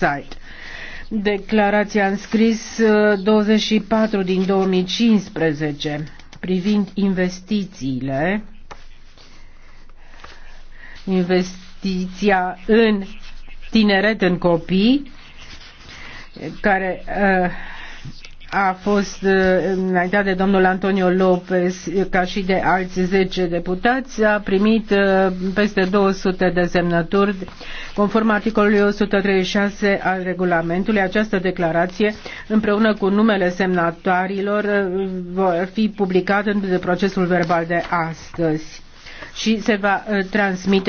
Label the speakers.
Speaker 1: site. Declarația în scris 24 uh, din 2015 privind investițiile, investiția în tineret, în copii, care uh, a fost uh, înaintat de domnul Antonio Lopez ca și de alți 10 deputați, a primit uh, peste 200 de semnături. Conform articolului 136 al regulamentului, această declarație împreună cu numele semnatarilor uh, vor fi publicată în procesul verbal de astăzi și se
Speaker 2: va transmite